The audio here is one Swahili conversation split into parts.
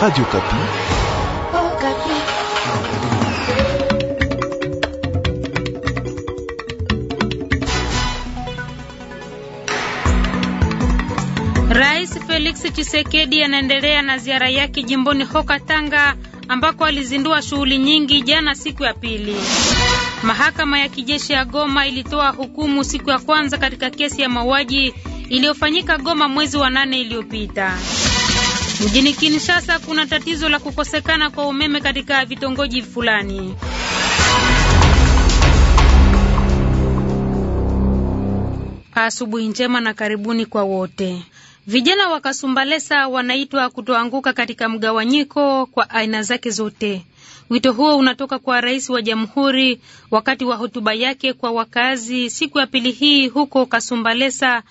Radio oh, Kapi. Rais Felix Tshisekedi anaendelea na ziara yake jimboni Hoka Tanga ambako alizindua shughuli nyingi jana siku ya pili. Mahakama ya kijeshi ya Goma ilitoa hukumu siku ya kwanza katika kesi ya mauaji iliyofanyika Goma mwezi wa nane iliyopita. Mjini Kinshasa kuna tatizo la kukosekana kwa umeme katika vitongoji fulani. Asubuhi njema na karibuni kwa wote. Vijana wa Kasumbalesa wanaitwa kutoanguka katika mgawanyiko kwa aina zake zote. Wito huo unatoka kwa rais wa jamhuri wakati wa hotuba yake kwa wakazi siku ya pili hii huko Kasumbalesa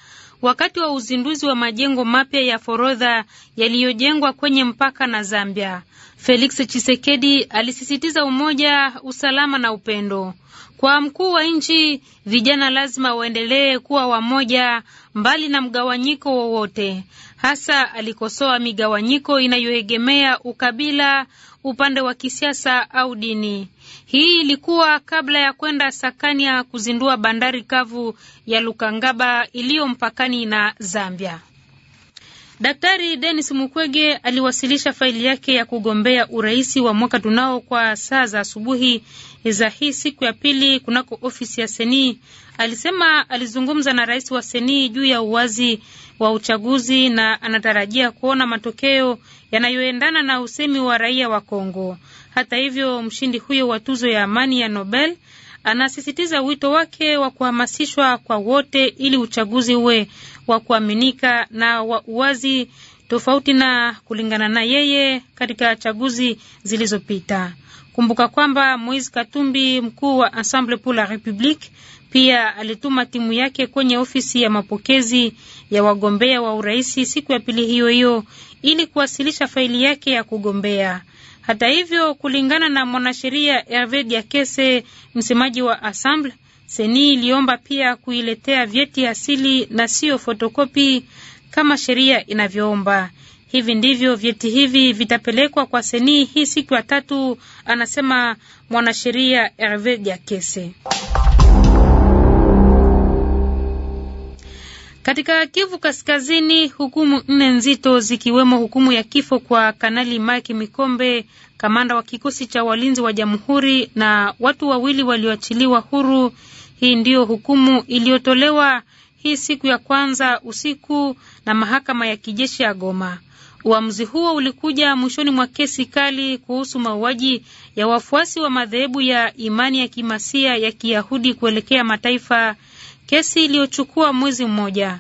wakati wa uzinduzi wa majengo mapya ya forodha yaliyojengwa kwenye mpaka na Zambia. Felix Chisekedi alisisitiza umoja, usalama na upendo. Kwa mkuu wa nchi, vijana lazima waendelee kuwa wamoja mbali na mgawanyiko wowote. Hasa alikosoa migawanyiko inayoegemea ukabila, upande wa kisiasa au dini. Hii ilikuwa kabla ya kwenda Sakania kuzindua bandari kavu ya Lukangaba iliyo mpakani na Zambia. Daktari Denis Mukwege aliwasilisha faili yake ya kugombea uraisi wa mwaka tunao kwa saa za asubuhi za hii siku ya pili kunako ofisi ya Senii. Alisema alizungumza na rais wa Senii juu ya uwazi wa uchaguzi na anatarajia kuona matokeo yanayoendana na usemi wa raia wa Kongo. Hata hivyo, mshindi huyo wa tuzo ya amani ya Nobel Anasisitiza wito wake wa kuhamasishwa kwa wote ili uchaguzi uwe wa kuaminika na wa uwazi, tofauti na kulingana na yeye katika chaguzi zilizopita. Kumbuka kwamba Moise Katumbi, mkuu wa Ensemble pour la République, pia alituma timu yake kwenye ofisi ya mapokezi ya wagombea wa uraisi siku ya pili hiyo hiyo ili kuwasilisha faili yake ya kugombea. Hata hivyo, kulingana na mwanasheria Herve Diakese, msemaji wa Assemble, Seni iliomba pia kuiletea vyeti asili na siyo fotokopi kama sheria inavyoomba. Hivi ndivyo vyeti hivi vitapelekwa kwa Seni hii siku ya tatu, anasema mwanasheria Herve Diakese. Katika Kivu Kaskazini, hukumu nne nzito zikiwemo hukumu ya kifo kwa Kanali Mike Mikombe, kamanda wa kikosi cha walinzi wa jamhuri, na watu wawili walioachiliwa huru. Hii ndiyo hukumu iliyotolewa hii siku ya kwanza usiku na mahakama ya kijeshi ya Goma. Uamuzi huo ulikuja mwishoni mwa kesi kali kuhusu mauaji ya wafuasi wa madhehebu ya imani ya Kimasia ya Kiyahudi kuelekea mataifa kesi iliyochukua mwezi mmoja.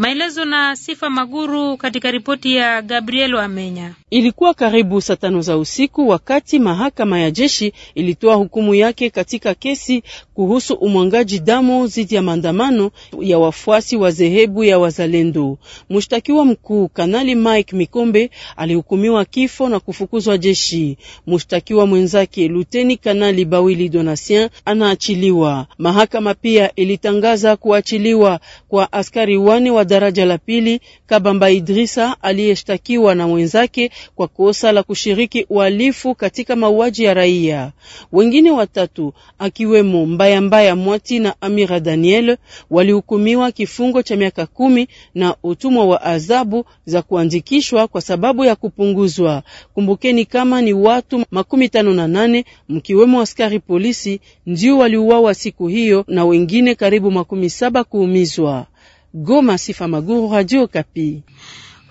Maelezo na Sifa Maguru katika ripoti ya Gabriel Amenya. Ilikuwa karibu saa tano za usiku wakati mahakama ya jeshi ilitoa hukumu yake katika kesi kuhusu umwangaji damu dhidi ya maandamano ya wafuasi wa dhehebu ya Wazalendo. Mshtakiwa mkuu Kanali Mike Mikombe alihukumiwa kifo na kufukuzwa jeshi. Mshtakiwa mwenzake Luteni Kanali Bawili Donatien anaachiliwa. Mahakama pia ilitangaza kuachiliwa kwa askari wane wa daraja la pili Kabamba Idrisa aliyeshtakiwa na mwenzake kwa kosa la kushiriki uhalifu katika mauaji ya raia. Wengine watatu akiwemo Mbaya Mbaya Mwati na Amira Daniel walihukumiwa kifungo cha miaka kumi na utumwa wa adhabu za kuandikishwa kwa sababu ya kupunguzwa. Kumbukeni kama ni watu makumi tano na nane mkiwemo askari polisi ndio waliuawa siku hiyo na wengine karibu makumi saba kuumizwa. Goma, Sifa Maguru, Radio Kapi.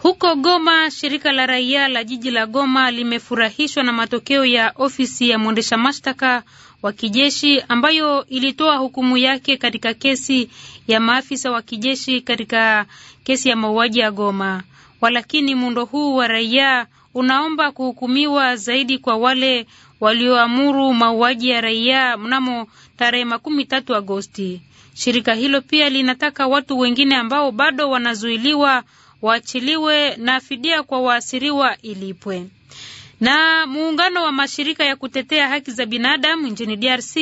Huko Goma, shirika la raia la jiji la Goma limefurahishwa na matokeo ya ofisi ya mwendesha mashtaka wa kijeshi ambayo ilitoa hukumu yake katika kesi ya maafisa wa kijeshi katika kesi ya mauaji ya Goma. Walakini muundo huu wa raia unaomba kuhukumiwa zaidi kwa wale walioamuru mauaji ya raia mnamo tarehe makumi tatu Agosti. Shirika hilo pia linataka watu wengine ambao bado wanazuiliwa waachiliwe na fidia kwa waasiriwa ilipwe. Na muungano wa mashirika ya kutetea haki za binadamu nchini DRC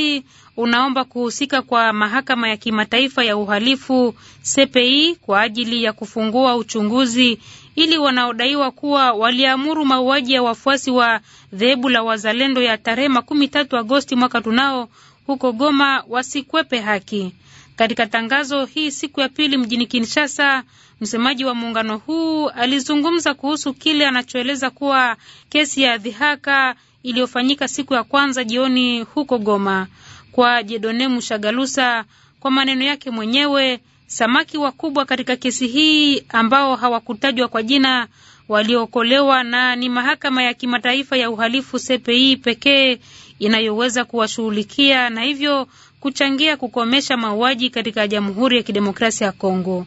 unaomba kuhusika kwa mahakama ya kimataifa ya uhalifu CPI kwa ajili ya kufungua uchunguzi ili wanaodaiwa kuwa waliamuru mauaji ya wafuasi wa dhehebu la Wazalendo ya tarehe makumi tatu Agosti mwaka tunao huko Goma wasikwepe haki. Katika tangazo hii siku ya pili mjini Kinshasa, msemaji wa muungano huu alizungumza kuhusu kile anachoeleza kuwa kesi ya dhihaka iliyofanyika siku ya kwanza jioni huko Goma kwa Jedone Mushagalusa. Kwa maneno yake mwenyewe, samaki wakubwa katika kesi hii ambao hawakutajwa kwa jina waliokolewa na ni mahakama ya kimataifa ya uhalifu CPI pekee inayoweza kuwashughulikia na hivyo kuchangia kukomesha mauaji katika Jamhuri ya Kidemokrasia ya Kongo.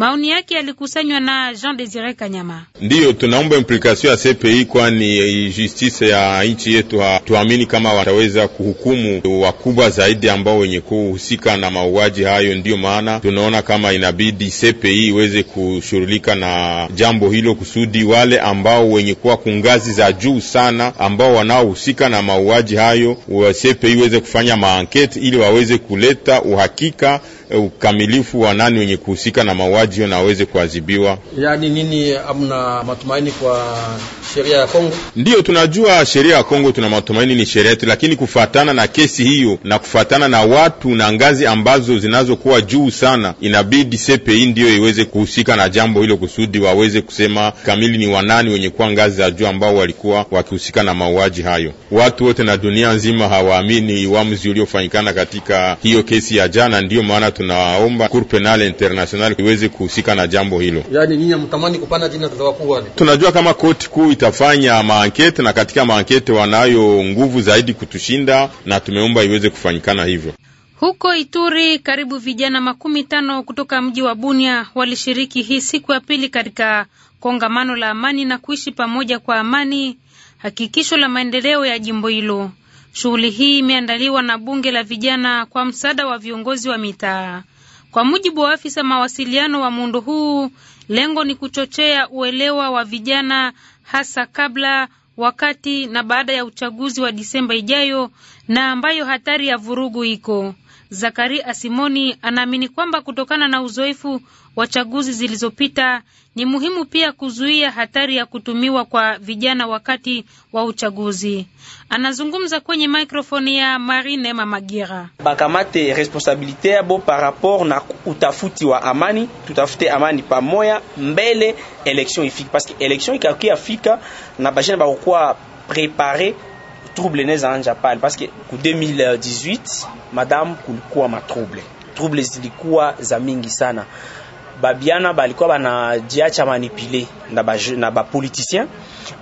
Maoni yake yalikusanywa na Jean Desire Kanyama. Ndiyo, tunaomba implikasio ya CPI kwani justice ya nchi yetu, tuamini kama wataweza kuhukumu wakubwa zaidi ambao wenye kuhusika na mauaji hayo. Ndiyo maana tunaona kama inabidi CPI iweze kushughulika na jambo hilo kusudi wale ambao wenye kuwa kungazi za juu sana ambao wanaohusika na mauaji hayo, CPI iweze kufanya maankete ili waweze kuleta uhakika Eh, ukamilifu wa nani wenye kuhusika na mauaji na waweze kuadhibiwa. Yaani nini, amna matumaini kwa sheria ya Kongo. Ndiyo, tunajua sheria ya Kongo, tuna matumaini ni sheria yetu, lakini kufatana na kesi hiyo na kufatana na watu na ngazi ambazo zinazokuwa juu sana, inabidi CPI ndiyo iweze kuhusika na jambo hilo kusudi waweze kusema kamili ni wanani wenye kuwa ngazi za juu ambao walikuwa wakihusika na mauaji hayo. Watu wote na dunia nzima hawaamini uamuzi uliofanyikana katika hiyo kesi ya jana, ndiyo maana tunaomba Cour Penale International iweze kuhusika na jambo hilo. Yani, nyinyi mtamani kupana jina, tunajua kama koti kuu itafanya maankete na katika maankete wanayo nguvu zaidi kutushinda, na tumeomba iweze kufanyikana hivyo. Huko Ituri, karibu vijana makumi tano kutoka mji wa Bunia walishiriki hii siku ya pili katika kongamano la amani na kuishi pamoja kwa amani, hakikisho la maendeleo ya jimbo hilo. Shughuli hii imeandaliwa na bunge la vijana kwa msaada wa viongozi wa mitaa. Kwa mujibu wa afisa mawasiliano wa muundo huu, lengo ni kuchochea uelewa wa vijana hasa kabla, wakati na baada ya uchaguzi wa Disemba ijayo na ambayo hatari ya vurugu iko. Zakari Asimoni anaamini kwamba kutokana na uzoefu wa chaguzi zilizopita ni muhimu pia kuzuia hatari ya kutumiwa kwa vijana wakati wa uchaguzi. Anazungumza kwenye mikrofoni ya Marine Mamagira. Bakamate responsabilite yabo par rapport na utafuti wa amani, tutafute amani pamoya mbele election ifike, paske que election ikakia fika na bajana bakokuwa prepare trouble inaweza anja pale, paske ku 2018 madame kulikuwa matrouble, trouble zilikuwa za mingi sana babiana balikuwa banajiacha manipule na ba na ba politicien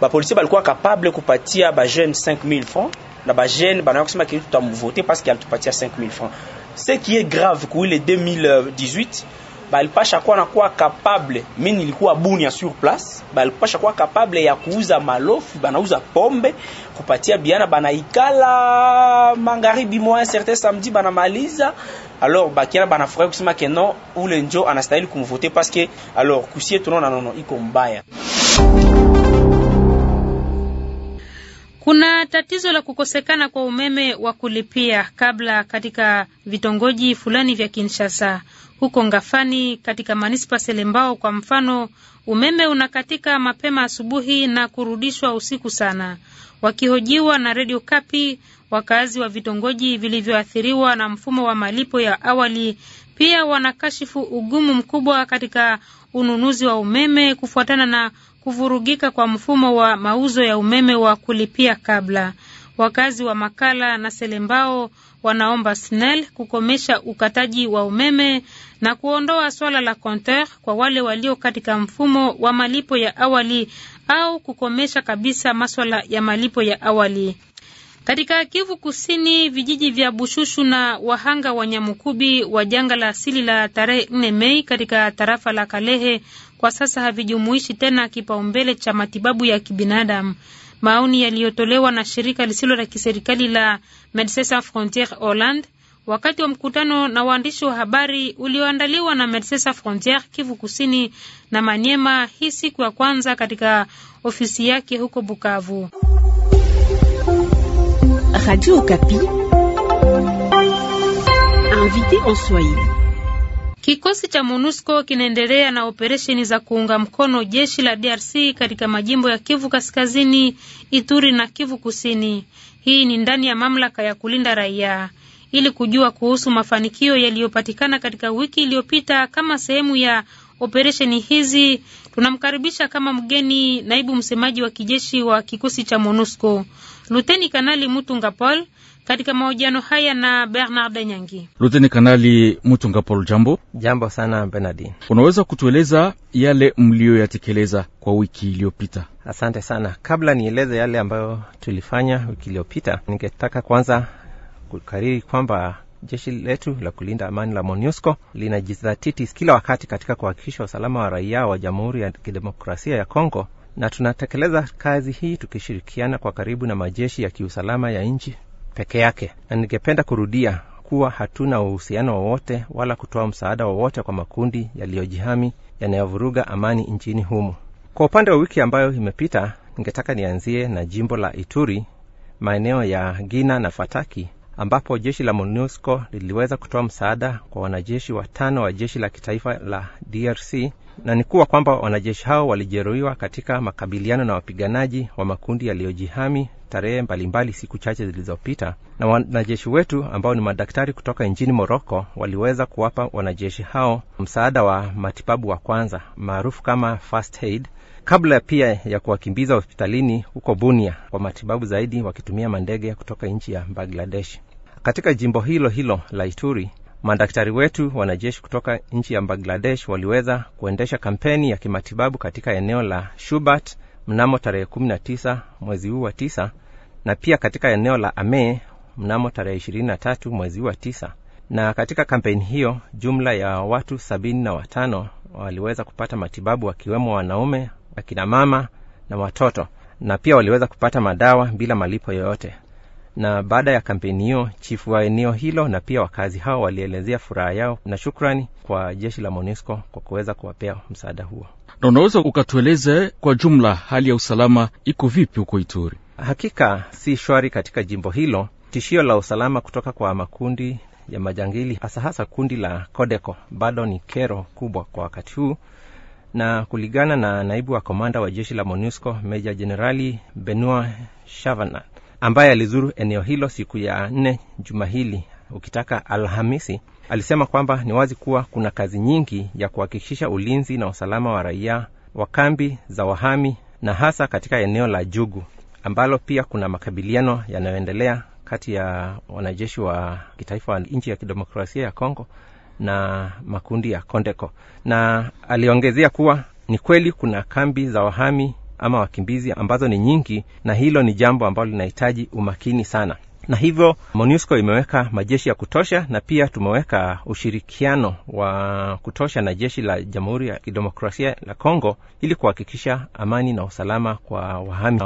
ba politicien balikuwa capable kupatia ba 5000 francs na ba jeune bana kusema kile tutamvoter parce qu'il 5000 francs ce qui est grave kuile 2018 balipasha kuwa na kuwa capable, mimi nilikuwa buni ya sur place, balipasha kuwa capable ya kuuza malofu, banauza pombe kupatia biana, banaikala mangaribi mwa certain samedi banamaliza. Alors bakiana banafurahi kusema ke non, ule njo anastahili kumvote parce que alors kusie tunaona nono iko mbaya Kuna tatizo la kukosekana kwa umeme wa kulipia kabla katika vitongoji fulani vya Kinshasa. Huko Ngafani katika manispa Selembao kwa mfano, umeme unakatika mapema asubuhi na kurudishwa usiku sana. Wakihojiwa na redio Kapi, wakazi wa vitongoji vilivyoathiriwa na mfumo wa malipo ya awali pia wanakashifu ugumu mkubwa katika ununuzi wa umeme kufuatana na kuvurugika kwa mfumo wa mauzo ya umeme wa kulipia kabla. Wakazi wa Makala na Selembao wanaomba SNEL kukomesha ukataji wa umeme na kuondoa swala la konter kwa wale walio katika mfumo wa malipo ya awali au kukomesha kabisa maswala ya malipo ya awali. Katika Kivu Kusini, vijiji vya Bushushu na wahanga wa Nyamukubi wa janga la asili la tarehe 4 Mei katika tarafa la Kalehe kwa sasa havijumuishi tena kipaumbele cha matibabu ya kibinadamu. Maoni yaliyotolewa na shirika lisilo la kiserikali la Medecins Sans Frontieres Holland wakati wa mkutano na waandishi wa habari ulioandaliwa na Medecins Sans Frontieres Kivu Kusini na Maniema hii siku ya kwanza katika ofisi yake huko Bukavu. Radio Okapi. Invité en Swahili. Kikosi cha MONUSCO kinaendelea na operesheni za kuunga mkono jeshi la DRC katika majimbo ya Kivu Kaskazini, Ituri na Kivu Kusini. Hii ni ndani ya mamlaka ya kulinda raia. Ili kujua kuhusu mafanikio yaliyopatikana katika wiki iliyopita kama sehemu ya operesheni hizi, tunamkaribisha kama mgeni naibu msemaji wa kijeshi wa kikosi cha MONUSCO. Luteni Kanali Mutunga Paul katika mahojiano haya na Bernard Nyangi. Luteni Kanali Mutunga Paul, jambo. Jambo sana Bernardin, unaweza kutueleza yale mliyoyatekeleza kwa wiki iliyopita? Asante sana. Kabla nieleze yale ambayo tulifanya wiki iliyopita, ningetaka kwanza kukariri kwamba jeshi letu la kulinda amani la MONUSCO linajizatiti kila wakati katika kuhakikisha usalama wa raia wa Jamhuri ya Kidemokrasia ya Kongo na tunatekeleza kazi hii tukishirikiana kwa karibu na majeshi ya kiusalama ya nchi peke yake, na ningependa kurudia kuwa hatuna uhusiano wowote wala kutoa msaada wowote kwa makundi yaliyojihami yanayovuruga amani nchini humo. Kwa upande wa wiki ambayo imepita, ningetaka nianzie na jimbo la Ituri, maeneo ya Gina na Fataki ambapo jeshi la MONUSCO liliweza kutoa msaada kwa wanajeshi watano wa jeshi la kitaifa la DRC na ni kuwa kwamba wanajeshi hao walijeruhiwa katika makabiliano na wapiganaji wa makundi yaliyojihami tarehe mbalimbali siku chache zilizopita, na wanajeshi wetu ambao ni madaktari kutoka nchini Moroko waliweza kuwapa wanajeshi hao msaada wa matibabu wa kwanza maarufu kama first aid, kabla pia ya kuwakimbiza hospitalini huko Bunia kwa matibabu zaidi wakitumia mandege kutoka nchi ya Bangladesh. Katika jimbo hilo hilo la Ituri Madaktari wetu wanajeshi kutoka nchi ya Bangladesh waliweza kuendesha kampeni ya kimatibabu katika eneo la Shubat mnamo tarehe 19 mwezi huu wa tisa na pia katika eneo la Ame mnamo tarehe 23 mwezi huu wa tisa. Na katika kampeni hiyo jumla ya watu sabini na watano waliweza kupata matibabu wakiwemo wanaume, akina mama na watoto, na pia waliweza kupata madawa bila malipo yoyote. Na baada ya kampeni hiyo, chifu wa eneo hilo na pia wakazi hao walielezea furaha yao na shukrani kwa jeshi la MONUSCO kwa kuweza kuwapea msaada huo. Na unaweza ukatueleze kwa jumla hali ya usalama iko vipi huko Ituri? Hakika si shwari katika jimbo hilo. Tishio la usalama kutoka kwa makundi ya majangili hasa hasa kundi la Kodeko bado ni kero kubwa kwa wakati huu, na kulingana na naibu wa komanda wa jeshi la MONUSCO meja jenerali Benua Shavana, ambaye alizuru eneo hilo siku ya nne juma hili ukitaka Alhamisi, alisema kwamba ni wazi kuwa kuna kazi nyingi ya kuhakikisha ulinzi na usalama wa raia wa kambi za wahami na hasa katika eneo la Jugu ambalo pia kuna makabiliano yanayoendelea kati ya wanajeshi wa kitaifa wa nchi ya kidemokrasia ya Kongo na makundi ya Kondeko. Na aliongezea kuwa ni kweli kuna kambi za wahami ama wakimbizi ambazo ni nyingi na hilo ni jambo ambalo linahitaji umakini sana na hivyo MONUSCO imeweka majeshi ya kutosha na pia tumeweka ushirikiano wa kutosha na jeshi la Jamhuri ya Kidemokrasia la Kongo ili kuhakikisha amani na usalama kwa wahami.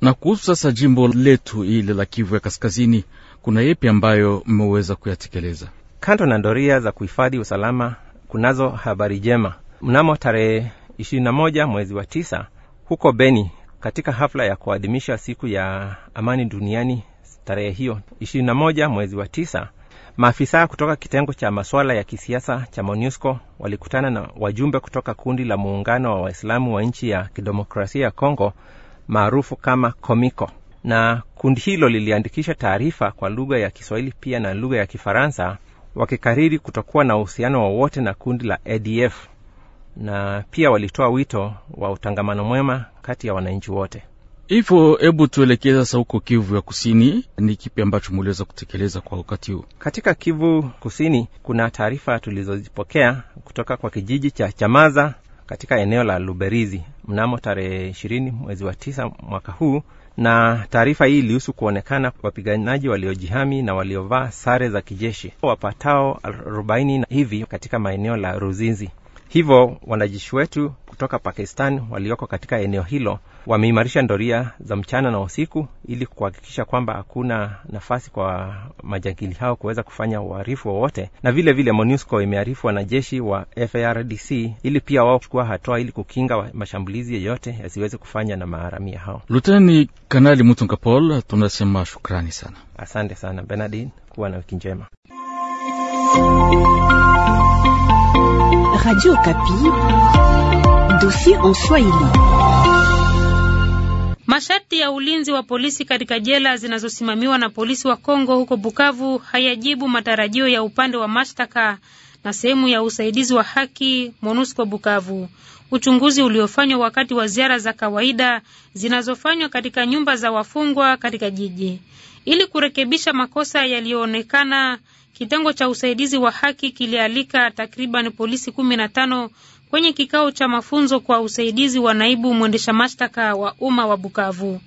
Na kuhusu sasa jimbo letu ile la Kivu ya Kaskazini, kuna yepi ambayo mmeweza kuyatekeleza kando na doria za kuhifadhi usalama? Kunazo habari jema. Mnamo tarehe ishirini na moja mwezi wa tisa huko Beni katika hafla ya kuadhimisha siku ya amani duniani tarehe hiyo 21 mwezi wa tisa, maafisa kutoka kitengo cha masuala ya kisiasa cha MONUSCO walikutana na wajumbe kutoka kundi la muungano wa Waislamu wa nchi ya kidemokrasia ya Kongo maarufu kama Komiko, na kundi hilo liliandikisha taarifa kwa lugha ya Kiswahili pia na lugha ya Kifaransa wakikariri kutokuwa na uhusiano wowote na kundi la ADF na pia walitoa wito wa utangamano mwema kati ya wananchi wote. Hivyo hebu tuelekee sasa huko Kivu ya Kusini, ni kipi ambacho muliweza kutekeleza kwa wakati huu katika Kivu Kusini? Kuna taarifa tulizozipokea kutoka kwa kijiji cha Chamaza katika eneo la Luberizi mnamo tarehe ishirini mwezi wa tisa mwaka huu, na taarifa hii ilihusu kuonekana wapiganaji waliojihami na waliovaa sare za kijeshi wapatao arobaini hivi katika maeneo la Ruzizi. Hivyo wanajeshi wetu kutoka Pakistan walioko katika eneo hilo wameimarisha ndoria za mchana na usiku ili kuhakikisha kwamba hakuna nafasi kwa majangili hao kuweza kufanya uharifu wowote, na vile vile MONUSCO imearifu wanajeshi wa FARDC ili pia wao kuchukua hatua ili kukinga mashambulizi yeyote yasiweze kufanya na maharamia hao. Luteni Kanali Mutunga tunasema shukrani sana, asante sana Benardin, kuwa na wiki njema. Radio Kapi, dossier en Swahili. Masharti ya ulinzi wa polisi katika jela zinazosimamiwa na polisi wa Kongo huko Bukavu hayajibu matarajio ya upande wa mashtaka na sehemu ya usaidizi wa haki MONUSCO Bukavu. Uchunguzi uliofanywa wakati wa ziara za kawaida zinazofanywa katika nyumba za wafungwa katika jiji ili kurekebisha makosa yaliyoonekana Kitengo cha usaidizi wa haki kilialika takriban polisi kumi na tano kwenye kikao cha mafunzo kwa usaidizi wa naibu mwendesha mashtaka wa umma wa Bukavu.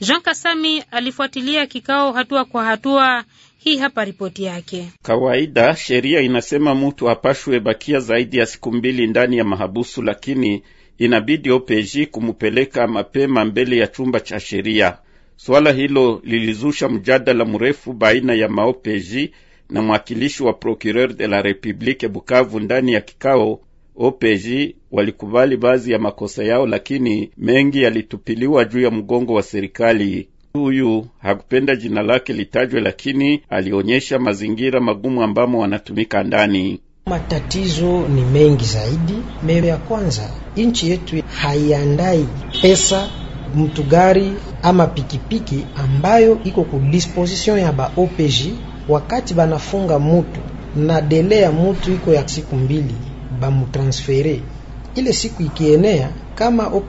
Jean Kasami alifuatilia kikao hatua kwa hatua. Hii hapa ripoti yake. Kawaida sheria inasema mutu apashwe bakia zaidi ya siku mbili ndani ya mahabusu, lakini inabidi opg kumupeleka mapema mbele ya chumba cha sheria. Swala hilo lilizusha mjadala mrefu baina ya maopeji na mwakilishi wa Procureur de la Republique Bukavu ndani ya kikao OPJ walikubali baadhi ya makosa yao, lakini mengi yalitupiliwa juu ya mgongo wa serikali. Huyu hakupenda jina lake litajwe, lakini alionyesha mazingira magumu ambamo wanatumika ndani. Matatizo ni mengi zaidi. Mbele ya kwanza, nchi yetu haiandai pesa mtu gari ama pikipiki ambayo iko ku disposition ya ba OPJ wakati banafunga mutu na dele ya mutu iko ya siku mbili, bamutransfere ile siku ikienea, kama ku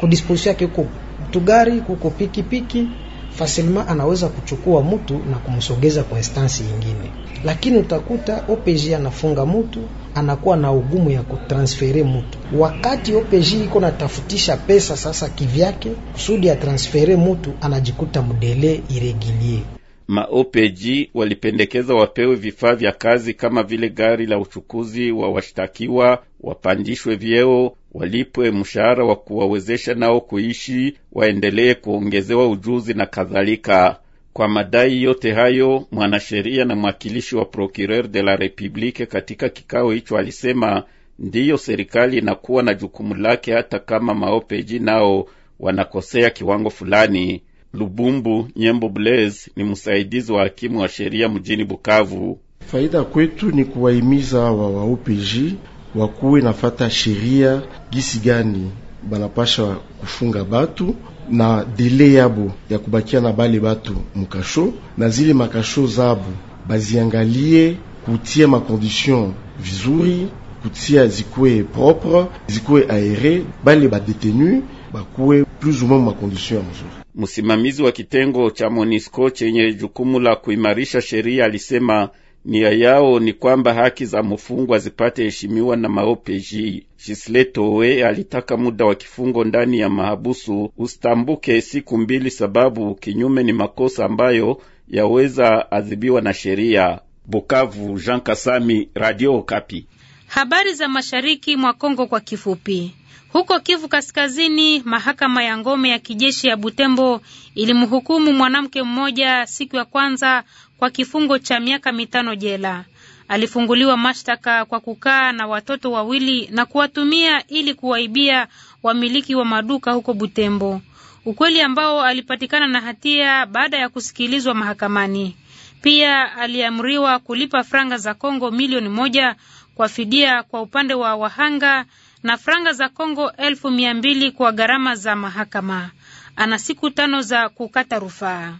kudisposition yake kuko tugari kuko pikipiki fasilma anaweza kuchukua mtu na kumsogeza kwa instansi yingine, lakini utakuta opg anafunga mtu, anakuwa na ugumu ya kutransfere mtu. Wakati OPG iko natafutisha pesa sasa kivyake kusudi ya transfere mtu, anajikuta mdele iregilie Maopeji walipendekeza wapewe vifaa vya kazi kama vile gari la uchukuzi wa washtakiwa, wapandishwe vyeo, walipwe mshahara wa kuwawezesha nao kuishi, waendelee kuongezewa ujuzi na kadhalika. Kwa madai yote hayo, mwanasheria na mwakilishi wa Procureur de la Republique katika kikao hicho alisema ndiyo serikali inakuwa na jukumu lake, hata kama maopeji nao wanakosea kiwango fulani. Lubumbu Nyembo Blaise ni msaidizi wa hakimu wa sheria mjini Bukavu. Faida kwetu ni kuwahimiza wa wa wakuwe nafata sheria gisi gani banapasha kufunga batu na dele yabo ya kubakia na bale batu mukasho, na zile makasho zabo baziangalie kutia makondition vizuri, kutia zikuwe propre, zikuwe aere bale badetenu bakuwe plus ou moins condition ya mzuri. Msimamizi wa kitengo cha monisco chenye jukumu la kuimarisha sheria alisema nia yao ni kwamba haki za mfungwa zipate heshimiwa na maopeji. Shisle Towe alitaka muda wa kifungo ndani ya mahabusu usitambuke siku mbili, sababu kinyume ni makosa ambayo yaweza adhibiwa na sheria. Bukavu, Jean Kasami, Radio Kapi. Habari za mashariki mwa Kongo kwa kifupi. Huko Kivu Kaskazini, mahakama ya ngome ya kijeshi ya Butembo ilimhukumu mwanamke mmoja siku ya kwanza kwa kifungo cha miaka mitano jela. Alifunguliwa mashtaka kwa kukaa na watoto wawili na kuwatumia ili kuwaibia wamiliki wa maduka huko Butembo, ukweli ambao alipatikana na hatia baada ya kusikilizwa mahakamani. Pia aliamriwa kulipa franga za Kongo milioni moja kwa fidia kwa upande wa wahanga na franga za Kongo elfu mia mbili kwa gharama za mahakama. Ana siku tano za kukata rufaa.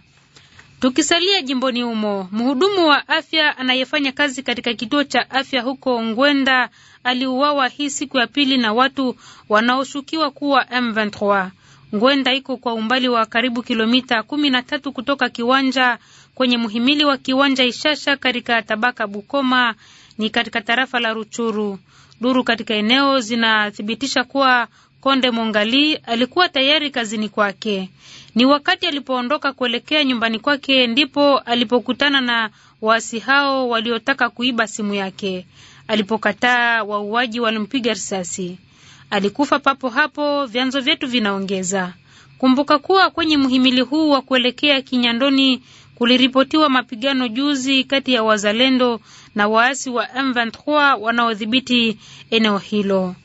Tukisalia jimboni humo, mhudumu wa afya anayefanya kazi katika kituo cha afya huko Ngwenda aliuawa hii siku ya pili na watu wanaoshukiwa kuwa M23. Ngwenda iko kwa umbali wa karibu kilomita 13 kutoka kiwanja kwenye muhimili wa kiwanja Ishasha katika tabaka Bukoma, ni katika tarafa la Ruchuru. Duru katika eneo zinathibitisha kuwa Konde Mongali alikuwa tayari kazini kwake. Ni wakati alipoondoka kuelekea nyumbani kwake ndipo alipokutana na waasi hao waliotaka kuiba simu yake. Alipokataa, wauaji walimpiga risasi. Alikufa papo hapo, vyanzo vyetu vinaongeza. Kumbuka kuwa kwenye mhimili huu wa kuelekea Kinyandoni kuliripotiwa mapigano juzi kati ya wazalendo na waasi wa M23 wanaodhibiti eneo hilo.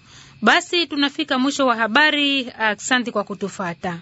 Basi tunafika mwisho wa habari. Asante kwa kutufata.